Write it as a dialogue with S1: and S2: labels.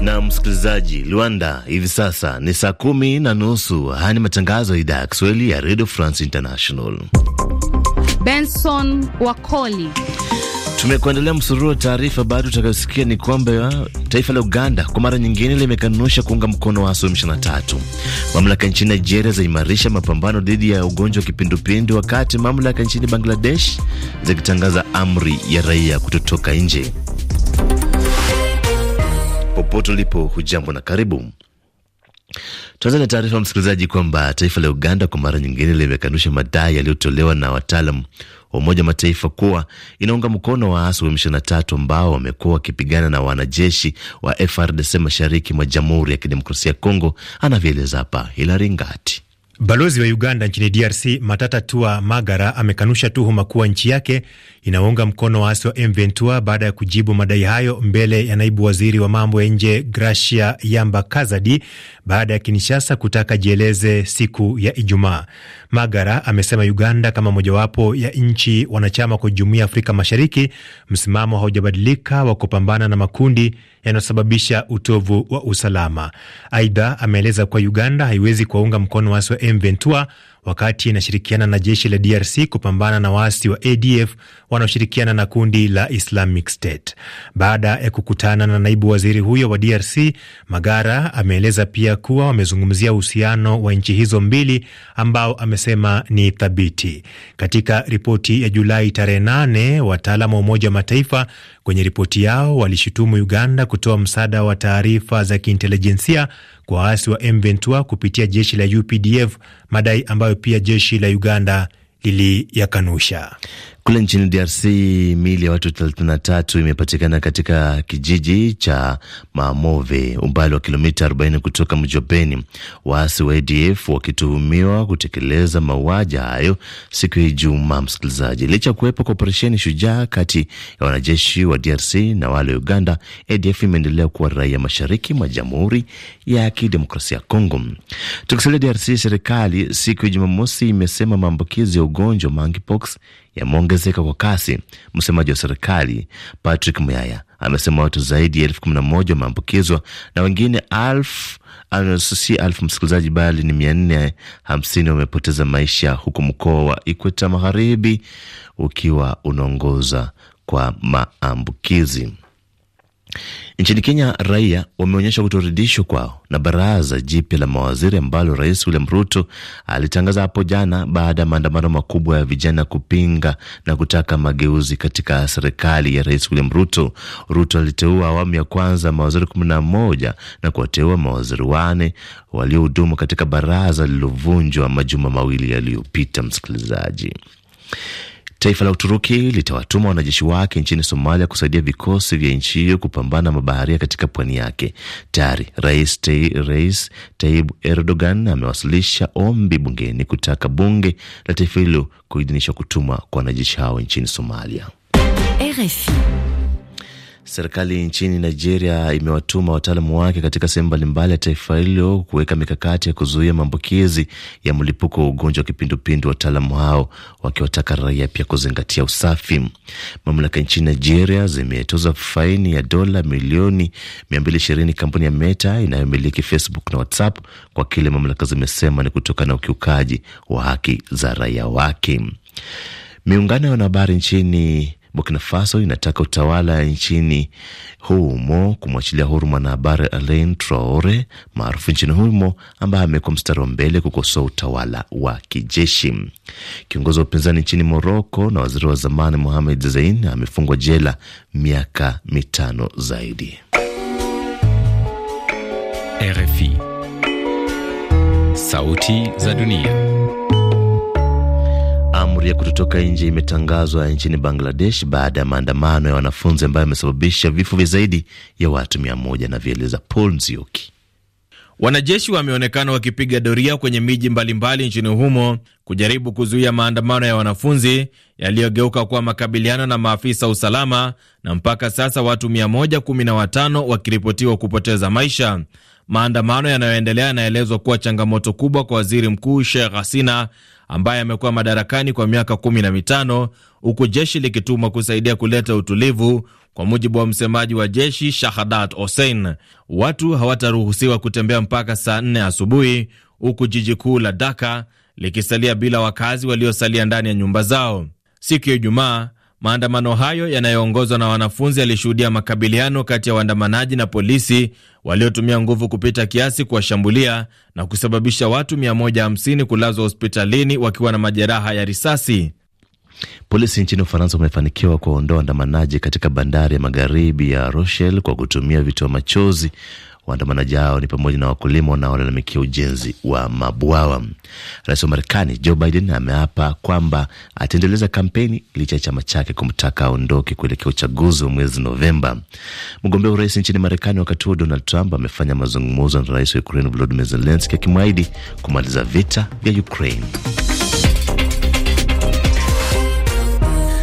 S1: na msikilizaji Luanda, hivi sasa ni saa kumi na nusu. Haya ni matangazo ya idhaa ya Kiswahili ya Radio France International.
S2: Benson Wakoli
S1: Tumekuandalia msururu wa taarifa. bado utakayosikia ni kwamba eh, taifa la Uganda kwa mara nyingine limekanusha kuunga mkono wa M23. Mamlaka nchini Nigeria zaimarisha mapambano dhidi ya ugonjwa wa kipindupindu, wakati mamlaka nchini Bangladesh zikitangaza amri ya raia kutotoka nje. Popote ulipo, hujambo na karibu. Tuanza na taarifa msikilizaji, kwamba taifa la Uganda kwa mara nyingine limekanusha madai yaliyotolewa na wataalam wa Umoja wa Mataifa kuwa inaunga mkono waasi wa M23 ambao wamekuwa wakipigana na wanajeshi wa FRDC mashariki mwa Jamhuri ya Kidemokrasia ya Kongo, anavyoeleza hapa Hilari
S3: Ngati. Balozi wa Uganda nchini DRC Matata Tua Magara amekanusha tuhuma kuwa nchi yake inaunga mkono waasi wa M23 baada ya kujibu madai hayo mbele ya naibu waziri wa mambo ya nje Gracia Yamba Kazadi baada ya Kinshasa kutaka jieleze siku ya Ijumaa. Magara amesema Uganda kama mojawapo ya nchi wanachama kwa Jumuiya ya Afrika Mashariki, msimamo haujabadilika wa kupambana na makundi yanayosababisha utovu wa usalama. Aidha, ameeleza kuwa Uganda haiwezi kuwaunga mkono waasi wa M23 wakati inashirikiana na jeshi la DRC kupambana na waasi wa ADF wanaoshirikiana na kundi la Islamic State. Baada ya kukutana na naibu waziri huyo wa DRC, Magara ameeleza pia kuwa wamezungumzia uhusiano wa nchi hizo mbili ambao amesema ni thabiti. Katika ripoti ya Julai tarehe 8, wataalamu wa Umoja wa Mataifa kwenye ripoti yao walishutumu Uganda kutoa msaada wa taarifa za kiintelijensia kwa waasi wa M23 kupitia jeshi la UPDF, madai ambayo pia jeshi la Uganda liliyakanusha.
S1: Kule nchini DRC miili ya watu 33 imepatikana katika kijiji cha Mamove, umbali wa kilomita 40 kutoka mji wa Beni, waasi wa ADF wakituhumiwa kutekeleza mauaji hayo siku ya Ijumaa. Msikilizaji, licha kuwepo kwa operesheni Shujaa kati ya wanajeshi wa DRC na wale wa Uganda, ADF imeendelea kuwa raia mashariki mwa Jamhuri ya Kidemokrasia ya Kongo. Tukisalia DRC, serikali siku ya Jumamosi imesema maambukizi ya ugonjwa monkeypox yameongezeka kwa kasi. Msemaji wa serikali Patrick Muyaya amesema watu zaidi ya elfu kumi na moja wameambukizwa na wengine alfu si alfu msikilizaji, bali ni mia nne hamsini wamepoteza maisha, huku mkoa wa Ikweta Magharibi ukiwa unaongoza kwa maambukizi. Nchini Kenya, raia wameonyesha kutoridhishwa kwao na baraza jipya la mawaziri ambalo Rais William Ruto alitangaza hapo jana baada ya maandamano makubwa ya vijana kupinga na kutaka mageuzi katika serikali ya Rais William Ruto. Ruto aliteua awamu ya kwanza mawaziri kumi na moja na kuwateua mawaziri wane waliohudumu katika baraza lililovunjwa majuma mawili yaliyopita. Msikilizaji Taifa la Uturuki litawatuma wanajeshi wake nchini Somalia kusaidia vikosi vya nchi hiyo kupambana mabaharia katika pwani yake. Tayari rais, te, rais Tayyip Erdogan amewasilisha ombi bungeni kutaka bunge la taifa hilo kuidhinisha kutumwa kwa wanajeshi hao nchini Somalia. RFI. Serikali nchini Nigeria imewatuma wataalamu wake katika sehemu mbalimbali ya taifa hilo kuweka mikakati ya kuzuia maambukizi ya mlipuko wa ugonjwa wa kipindupindu, wataalamu hao wakiwataka raia pia kuzingatia usafi. Mamlaka nchini Nigeria zimetoza faini ya dola milioni 220 kampuni ya Meta inayomiliki Facebook na WhatsApp kwa kile mamlaka zimesema ni kutokana na ukiukaji wa haki za raia wake. Miungano ya wanahabari nchini Burkina Faso inataka utawala nchini humo kumwachilia huru mwanahabari Alain Traore maarufu nchini humo ambaye amekuwa mstari wa mbele kukosoa utawala wa kijeshi. Kiongozi wa upinzani nchini Moroko na waziri wa zamani Mohamed Zein amefungwa jela miaka mitano zaidi. RFI, sauti
S2: za dunia.
S1: Amri ya kutotoka nje imetangazwa nchini Bangladesh baada ya maandamano ya wanafunzi ambayo yamesababisha vifo vya zaidi ya watu mia moja na vieleza Paul Nzioki.
S2: Wanajeshi wameonekana wakipiga doria kwenye miji mbalimbali nchini humo kujaribu kuzuia maandamano ya wanafunzi yaliyogeuka kuwa makabiliano na maafisa usalama, na mpaka sasa watu 115 wakiripotiwa kupoteza maisha. Maandamano yanayoendelea yanaelezwa kuwa changamoto kubwa kwa waziri mkuu Sheikh Hasina ambaye amekuwa madarakani kwa miaka kumi na mitano huku jeshi likitumwa kusaidia kuleta utulivu. Kwa mujibu wa msemaji wa jeshi Shahadat osein watu hawataruhusiwa kutembea mpaka saa nne asubuhi, huku jiji kuu la Daka likisalia bila wakazi waliosalia ndani ya nyumba zao. Siku ya Ijumaa Maandamano hayo yanayoongozwa na wanafunzi yalishuhudia makabiliano kati ya waandamanaji na polisi waliotumia nguvu kupita kiasi kuwashambulia na kusababisha watu 150 kulazwa hospitalini wakiwa na majeraha ya risasi. Polisi nchini
S1: Ufaransa wamefanikiwa kuwaondoa waandamanaji katika bandari ya magharibi ya Rochelle kwa kutumia vitoa machozi Waandamanaji hao ni pamoja na wakulima wanaolalamikia ujenzi wa mabwawa. Rais wa Marekani Joe Biden ameapa kwamba ataendeleza kampeni licha ya chama chake kumtaka aondoke kuelekea uchaguzi wa mwezi Novemba. Mgombea urais nchini Marekani wakati huo Donald Trump amefanya mazungumzo na rais wa Ukraine Volodymyr Zelensky akimwahidi kumaliza
S2: vita vya Ukraine.